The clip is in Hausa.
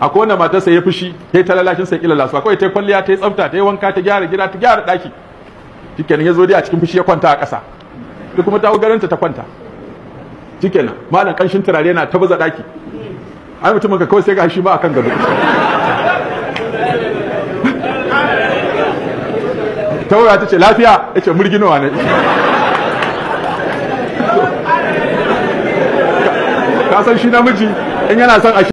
akwai wanda matarsa ya fushi ta yi ta lalashin sai kila lasu akwai ta yi kwalliya ta yi tsafta ta yi wanka ta gyara gida ta gyara ɗaki shikenan ya zo dai a cikin fushi ya kwanta a ƙasa ta kuma ta garanta ta kwanta shikenan malam ƙanshin turare na ta baza ɗaki ai mutumin ka kawai sai ga shi ba akan gado wura ta ce lafiya ya ce murginowa ne ka san shi namiji in yana son a